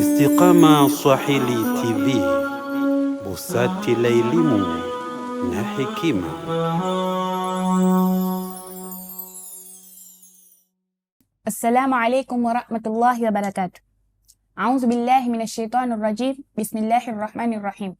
Istiqama Swahili TV, busati la elimu na hekima. Assalamu alaikum warahmatullahi barakatuh. Audhu billahi minash shaitani rajim. Bismillahi rrahmani rahim.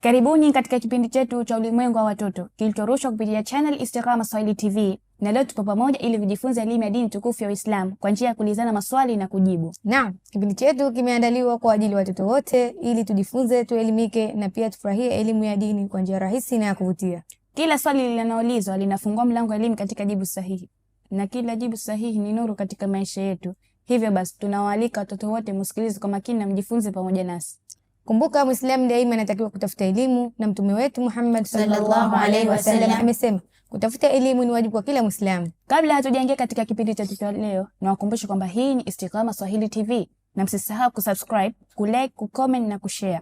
Karibuni katika kipindi chetu cha ulimwengu wa watoto kilichorushwa kupitia channel Istiqama Swahili TV na leo tupo pamoja ili kujifunza elimu ya dini tukufu ya Uislamu kwa njia ya kuulizana maswali na kujibu. Naam, kipindi chetu kimeandaliwa kwa ajili ya watoto wote ili tujifunze, tuelimike na pia tufurahie elimu ya dini kwa njia rahisi na ya kuvutia. Kila swali linaloulizwa linafungua mlango wa elimu katika jibu sahihi, na kila jibu sahihi ni nuru katika maisha yetu. Hivyo basi, tunawaalika watoto wote msikilize kwa makini na mjifunze pamoja nasi. Kumbuka, Muislamu daima anatakiwa kutafuta elimu, na Mtume wetu Muhammad sallallahu alaihi wasallam amesema wa Kutafuta elimu ni wajibu kwa kila Mwislamu. Kabla hatujaingia katika kipindi cha cha leo, nawakumbusha kwamba hii ni Istiqama Swahili TV na msisahau kusubscribe, kulike, kucomment na kushare.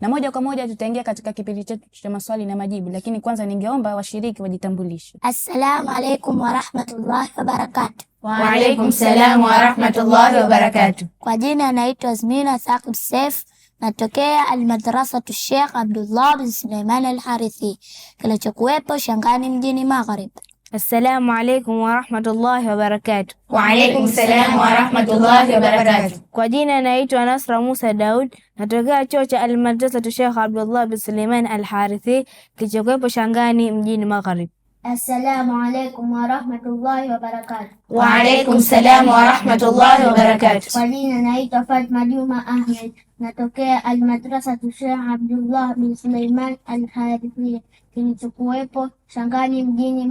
Na moja kwa moja tutaingia katika kipindi chetu cha maswali na majibu, lakini kwanza ningeomba washiriki wajitambulishe. Assalamu alaykum wa rahmatullahi wa barakatuh. Wa alaykum salam wa rahmatullahi wa barakatuh. Kwa jina naitwa Azmina Saqib Saif natokea Almadrasatu Sheikh Abdullah bin Suleiman Alharithi kilichokuwepo Shangani mjini Maghrib. Assalamu alaikum warahmatullahi wabarakatu. Waalaikum salam warahmatullahi wabarakatu. Kwa jina naitwa Nasra Musa Daud, natokea chuo cha Almadrasatu Sheikh Abdullah bin Suleiman Alharithi kilichokuwepo Shangani mjini Maghrib. السلام عليكم ورحمة الله وبركاته وعليكم السلام ورحمة الله وبركاته ولينا نعيد فاطمة جمعة أهل نتوكea المدرسة الشيخ عبد الله بن سليمان الحارثية kilichokuwepo Shangani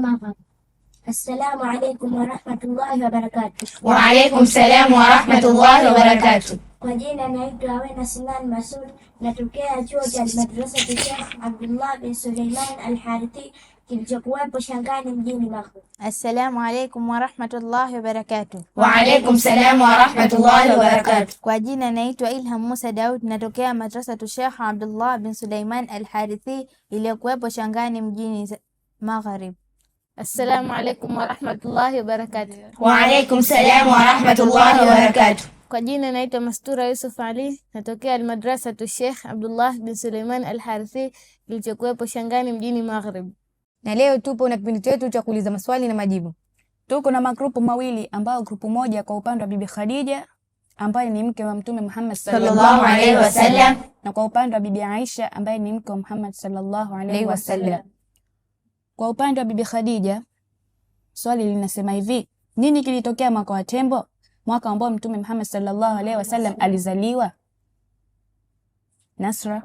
مغرب السلام عليكم ورحمة الله وبركاته وعليكم السلام ورحمة الله وبركاته Kwa jina naitwa Awena Sinan Masud, natokea chuo cha Madrasa Sheikh Abdullah bin Suleiman al kilichokuwepo Shangani mjini Maghrib. Assalamu alaykum wa rahmatullahi wa barakatuh. Wa alaykum salam wa rahmatullahi wa barakatuh. Kwa jina naitwa Ilham Musa Daud, natokea Madrasa Sheikh Abdullah bin Suleiman alharithi iliyokuwepo Shangani mjini magharib Assalamu alaykum wa rahmatullahi wa barakatuh. Wa alaykum salam wa rahmatullahi wa barakatuh. Kwa jina naitwa Mastura Yusuf Ali, natokea Almadrasa tu Sheikh Abdullah bin Suleiman Al Harithi kilichokuwepo Shangani mjini Maghrib, na leo tupo na kipindi chetu cha kuuliza maswali na majibu. Tuko na magrupu mawili, ambao grupu moja kwa upande wa Bibi Khadija ambaye ni mke wa Mtume Muhammad sallallahu alaihi wasallam, na kwa upande wa Bibi Aisha ambaye ni mke wa Muhammad sallallahu alaihi wasallam. Kwa upande wa Bibi Khadija, swali linasema hivi: nini kilitokea mwaka wa tembo? mwaka ambao Mtume Muhammad sallallahu alaihi wasallam alizaliwa Nasra.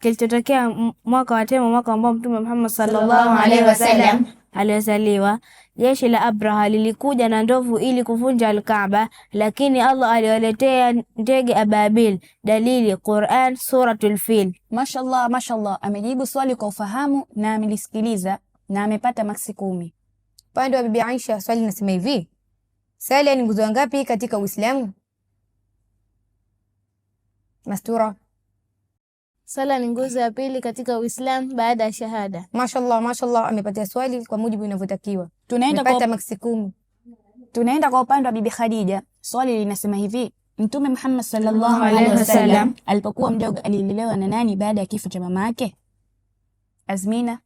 Kilichotokea mwaka wa Temu, mwaka ambao Mtume Muhammad sallallahu alaihi wasallam aliyozaliwa. Jeshi la Abraha lilikuja na ndovu ili kuvunja Alkaaba, lakini Allah aliwaletea ndege ababil. Dalili Quran Suratul Fil. Mashallah, mashallah, amejibu swali kwa ufahamu na amelisikiliza na amepata maksi kumi. Upande wa Bibi Aisha swali nasema hivi Sala ni nguzo ngapi katika Uislamu? Mastura. Sala ni nguzo ya pili katika Uislamu baada ya shahada. Mashallah, mashallah, amepatia swali kwa mujibu inavyotakiwa. Tunaenda kwa maksi kumi. Tunaenda kwa upande wa Bibi Khadija. Swali linasema hivi: Mtume Muhammad sallallahu alaihi wasallam alipokuwa mdogo alilelewa na nani baada ya kifo cha mama yake? Azmina.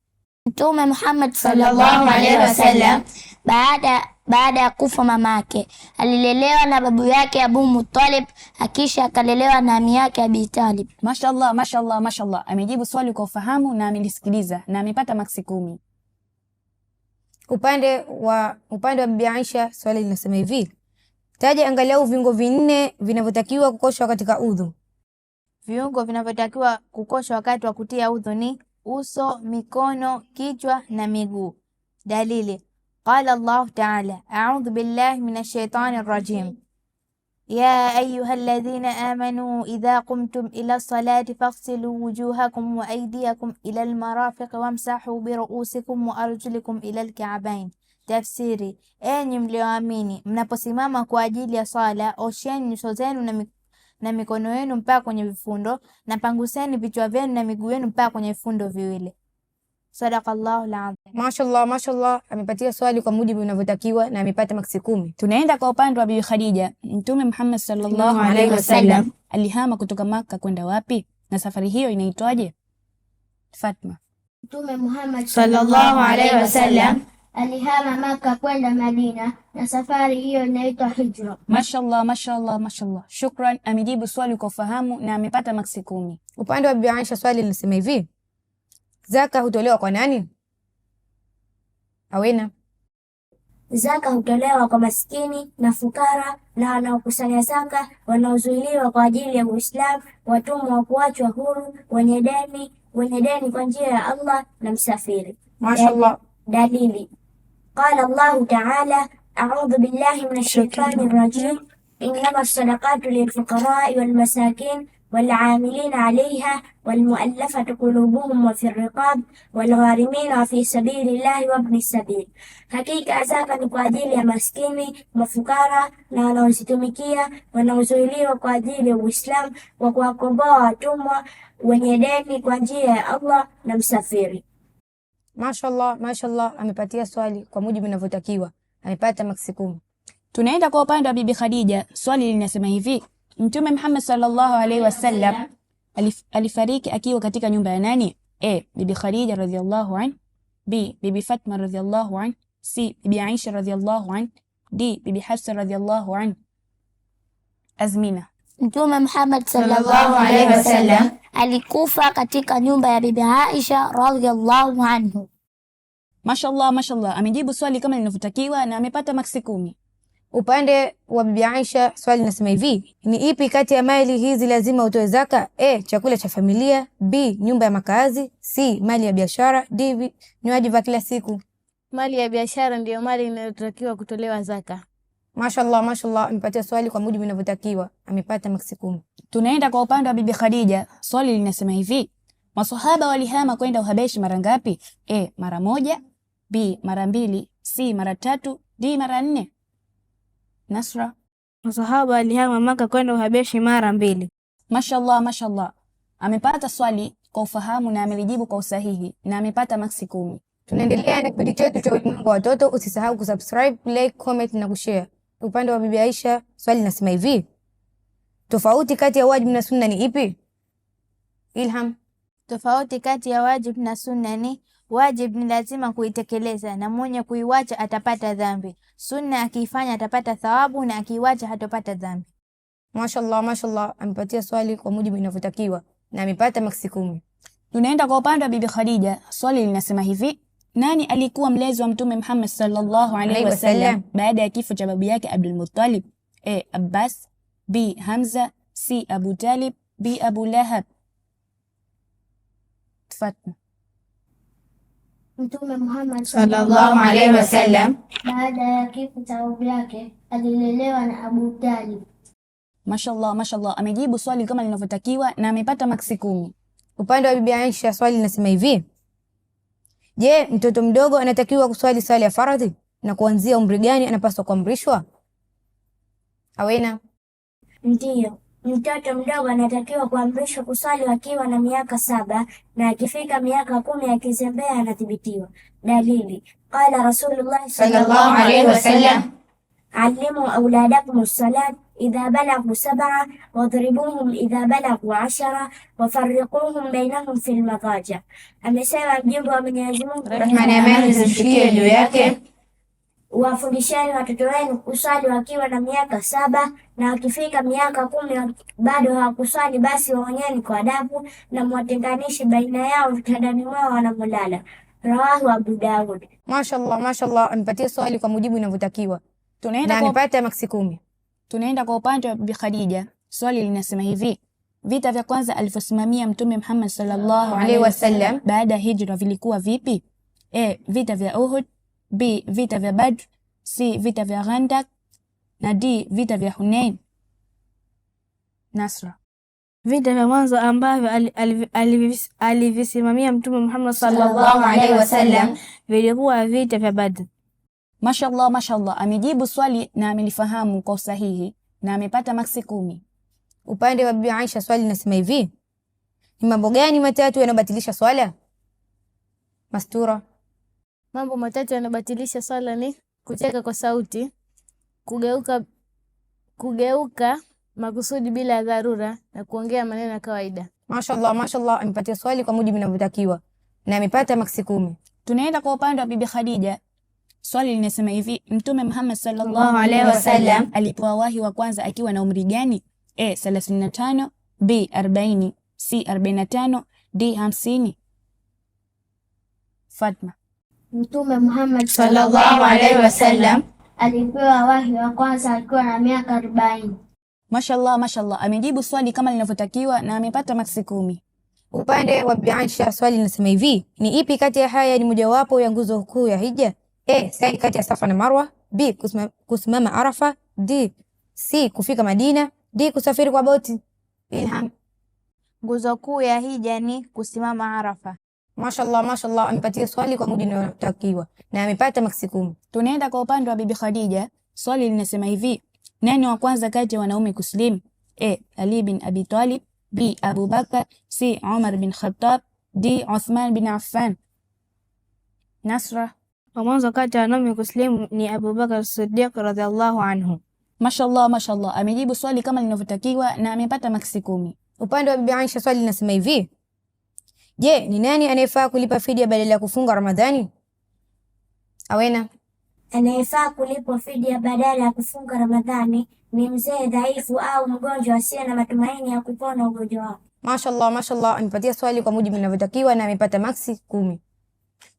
Mtume Muhammad sallallahu alaihi wasallam baada baada ya kufa mama yake alilelewa na babu yake Abu Muttalib, akisha akalelewa na ami yake Abi Talib. Mashallah, mashallah, mashallah, amejibu swali kwa ufahamu na amelisikiliza na amepata maksi kumi. Upande wa upande wa Bibi Aisha swali linasema hivi: taja angalau viungo vinne vinavyotakiwa kukoshwa katika udhu. Viungo vinavyotakiwa kukoshwa wakati wa kutia udhu ni uso, mikono, kichwa na miguu. Dalili, qala Allahu taala, audhu billahi minash shaitani rajim ya يا أيها الذين آمنوا إذا قمتم إلى الصلاة فاغسلوا وجوهكم وأيديكم إلى المرافق وامسحوا wa arjulikum ila الكعبين Tafsiri: enyi mlioamini, mnaposimama kwa ajili ya sala, osheni nyuso zenu na na mikono yenu mpaka kwenye vifundo, na panguseni vichwa vyenu na miguu yenu mpaka kwenye vifundo viwili. Sadakallahu alazim. Mashallah, mashallah, amepatia swali kwa mujibu unavyotakiwa na amepata maksi kumi. Tunaenda kwa upande wa Bibi Khadija. Mtume Muhammad sallallahu alaihi wasallam alihama kutoka Makka kwenda wapi na safari hiyo inaitwaje? Fatma. Mtume Muhammad sallallahu alaihi wasallam alihama Maka kwenda Madina na safari hiyo inaitwa hijra. Mashallah, mashallah, mashallah. Shukran, amejibu swali kwa ufahamu na amepata maksi kumi. Upande wa Bibi Aisha swali linasema hivi, zaka hutolewa kwa nani? Awena, zaka hutolewa kwa maskini na fukara na wanaokusanya zaka, wanaozuiliwa kwa ajili ya Uislamu, watumwa wa kuachwa huru, wenye deni, wenye deni kwa njia ya Allah na msafiri. Mashallah. Dalili قال الله تعالى أعوذ بالله من الشيطان الرجيم إنما الصدقات للفقراء والمساكين والعاملين عليها والمؤلفة قلوبهم وفي الرقاب والغارمين وفي سبيل الله وابن السبيل حقيقة أزاكا نقاديل يا مسكيني مفكارا نانا وستمكية ونوزولي وقاديل يا وسلام وقوى قباء وتمى ونيديني قاديل يا الله نمسافيري Mashallah, mashallah amepatia swali kwa mujibu inavyotakiwa. Amepata maksi kumi. Tunaenda kwa upande wa Bibi Khadija. Swali linasema hivi: Mtume Muhammad sallallahu alaihi wasallam alif, alifariki akiwa katika nyumba ya nani? A. Bibi Khadija radhiallahu an. B. Bibi Fatma radhiallahu an. C. Bibi Aisha radhiallahu an. D. Bibi Hafsa radhiallahu an. Azmina Mtume Muhammad sallallahu alaihi wasallam alikufa katika nyumba ya Bibi Aisha radhiallahu anhu. Mashallah, mashallah, amejibu swali kama linavyotakiwa na amepata maksi kumi. Upande wa Bibi Aisha swali linasema hivi: ni ipi kati ya mali hizi lazima utoe zaka? A, chakula cha familia; B, nyumba ya makazi; C, mali ya biashara; D, vinywaji vya kila siku. Mali ya biashara ndiyo mali inayotakiwa kutolewa zaka. Mashallah, mashallah, amepatia swali kwa mujibu inavyotakiwa, amepata maksi kumi. Tunaenda kwa upande wa Bibi Khadija. Swali linasema hivi: maswahaba walihama kwenda Uhabeshi mara ngapi? A mara moja, B mara mbili, C mara tatu, D mara nne. Nasra, maswahaba walihama Maka kwenda Uhabeshi mara mbili. Mashallah, mashallah, amepata swali kwa ufahamu na amelijibu kwa usahihi na amepata maksi kumi. Tunaendelea na kipindi chetu cha Ulimwengu wa Watoto. Usisahau kusubscribe, like, comment na kushare upande wa Bibi Aisha swali linasema hivi, tofauti kati ya wajibu na sunna ni ipi? Ilham, tofauti kati ya wajibu na sunna ni wajibu ni lazima kuitekeleza na mwenye kuiwacha atapata dhambi. Sunna akiifanya atapata thawabu na akiiwacha hatopata dhambi. Mashallah, mashallah, amepatia swali kwa mujibu inavyotakiwa na amepata maksi kumi. Tunaenda kwa upande wa Bibi Khadija, swali linasema hivi nani alikuwa mlezi wa Mtume Muhammad sallallahu alaihi wasallam baada ya kifo cha babu yake abdulmutalib A. Abbas, B. Hamza, C. Abu Talib, B. Abu Lahab. Fatma. Mtume Muhammad sallallahu alaihi wasallam baada ya kifo cha babu yake alilelewa na Abu Talib. Mashallah, mashallah, amejibu swali kama linavyotakiwa na amepata maksi kumi. Upande wa Bibi Aisha swali linasema hivi: Je, mtoto mdogo anatakiwa kuswali swala ya faradhi na kuanzia umri gani anapaswa kuamrishwa? Awena. Ndiyo, mtoto mdogo anatakiwa kuamrishwa kuswali akiwa na miaka saba na akifika miaka kumi akizembea anathibitiwa. Dalili, qala Rasulullah sallallahu alaihi wasallam, alimu auladakum salat إذا بلغوا سبعة واضربوهم إذا بلغوا ashara wafarikuhum بينهم في المضاجع Amesema mjumbe wa Mwenyezi Mungu, rehema na amani zimshukie juu yake, wafundisheni watoto wenu kuswali wakiwa na miaka saba, na wakifika miaka kumi bado hawakuswali, basi waonyeni kwa adabu na mwatenganishi baina yao vitandani mwao wanamolala. Rawahu Abu Daud. Mashallah, mashallah, amepatia swali kwa mujibu inavyotakiwa. Tunaenda na amepata maksi kumi. Tunaenda kwa upande wa Bibi Khadija. Swali linasema hivi: vita vya kwanza alivyosimamia Mtume Muhammad sallallahu alaihi wasallam baada ya hijra vilikuwa vipi? A. vita vya Uhud, B. vita vya Badr, C. vita vya Ghandak na D. vita vya Hunain. Nasra. Vita vya mwanzo ambavyo alivisimamia Mtume Muhammad sallallahu alaihi wasallam vilikuwa vita vya Badr. Mashallah, mashallah, amejibu swali na amelifahamu kwa usahihi na amepata maksi kumi. Upande wa Bibi Aisha swali nasema hivi: ni mambo gani matatu yanabatilisha swala? Mastura. Mambo matatu yanabatilisha swala ni kucheka kwa sauti, kugeuka, kugeuka makusudi bila dharura na kuongea maneno ya kawaida. Mashallah, mashallah, amepata swali kwa mujibu inavyotakiwa na amepata maksi kumi. Tunaenda kwa upande wa Bibi Khadija Swali linasema hivi, Mtume Muhammad sallallahu alaihi wasallam wahi wa kwanza akiwa na umri gani? A 35, B 40, C 45, D 50. Fatma. Mtume Muhammad sallallahu alaihi wasallam alipewa wahi wa kwanza akiwa na miaka 40. Mashallah, mashallah, amejibu swali kama linavyotakiwa na amepata maksi kumi. Upande wa Biansha swali linasema hivi, ni ipi kati ya haya ni mojawapo ya nguzo kuu ya hija? A. Sa'i kati ya Safa na Marwa. B. Kusimama Arafa. D. C. Kufika Madina. D. Kusafiri kwa boti. Ilham. Nguzo kuu ya hija ni kusimama Arafa. Mashallah, mashallah, amepatia swali kwa muda unaotakiwa na amepata maksi kumi. Tunaenda kwa upande wa Bibi Khadija. Swali linasema hivi: nani wa kwanza kati ya wanaume kusilimu? A. Ali bin Abi Talib. B. Abu Bakar. C. Umar bin Khattab. D. Uthman bin Affan. Nasra wa mwanzo kati ya wanaume kuslimu ni Abubakar Siddiq radhiallahu anhu. Mashallah, mashallah, amejibu swali kama linavyotakiwa na amepata maksi kumi. Upande wa Bibi Aisha swali linasema hivi: Je, ni nani anayefaa kulipa fidia badala ya kufunga Ramadhani? Awena, anayefaa kulipa fidia badala ya kufunga Ramadhani ni mzee dhaifu au mgonjwa asiye na matumaini ya kupona ugonjwa wake. Mashallah, mashallah, amepatia swali kwa mujibu linavyotakiwa na amepata maksi kumi.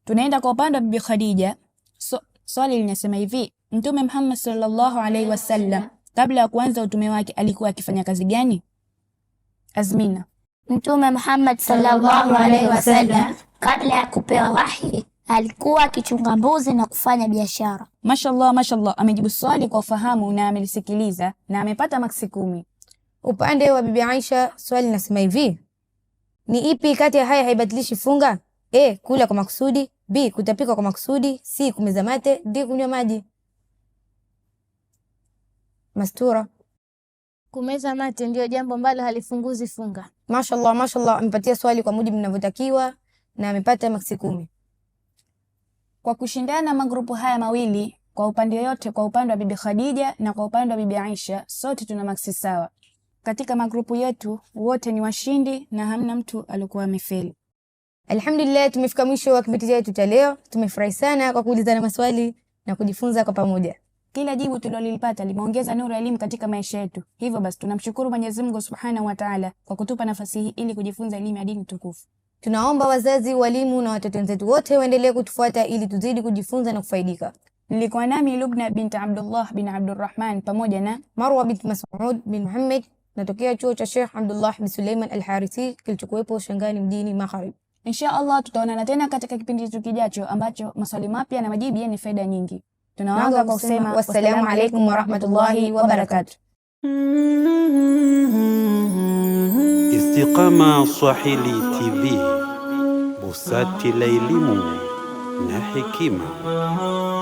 Tunaenda kwa upande wa Bibi Khadija. So, swali linasema hivi, Mtume Muhammad sallallahu alaihi wasallam kabla ya kuanza utume wake alikuwa akifanya kazi gani? Azmina. Mtume Muhammad sallallahu alaihi wasallam kabla ya kupewa wahi alikuwa akichunga mbuzi na kufanya biashara. Mashallah, mashallah, amejibu swali kwa ufahamu na amelisikiliza na amepata maksi kumi. Upande wa Bibi Aisha swali linasema hivi, ni ipi kati ya haya haibadilishi funga? A. E, kula kwa makusudi B. Kutapika kwa makusudi. C. Kumeza mate. D. Kunywa maji. Mastura. Kumeza mate ndio jambo ambalo halifunguzi funga. Mashallah, mashallah, amepatia swali kwa mujibu ninavyotakiwa na amepata maksi kumi. Kwa kushindana magrupu haya mawili kwa upande yote, kwa upande wa Bibi Khadija na kwa upande wa Bibi Aisha, sote tuna maksi sawa. Katika magrupu yetu wote ni washindi na hamna mtu aliyokuwa amefeli. Alhamdulillah, tumefika mwisho wa kipindi chetu cha leo. Tumefurahi sana kwa kuulizana maswali na kujifunza kwa pamoja. Kila jibu tulilolipata limeongeza nuru ya elimu katika maisha yetu. Hivyo basi, tunamshukuru Mwenyezi Mungu Subhanahu wa Ta'ala kwa kutupa nafasi hii ili kujifunza elimu ya dini tukufu. Tunaomba wazazi, walimu na watoto wenzetu wote waendelee kutufuata ili tuzidi kujifunza na kufaidika. Nilikuwa nami Lubna bint Abdullah bin Abdurrahman pamoja na Marwa bint Mas'ud bin Muhammad, natokea chuo cha Sheikh Abdullah bin Suleiman al harithi kilichokuwepo Shangani mjini Magharibi. Insha Allah tutaonana tena katika kipindi chetu kijacho ambacho maswali mapya na majibu yenye faida nyingi. Tunaanza kwa kusema wassalamu alaikum warahmatullahi wabarakatuh. Istiqama Swahili TV, busati la elimu na hekima.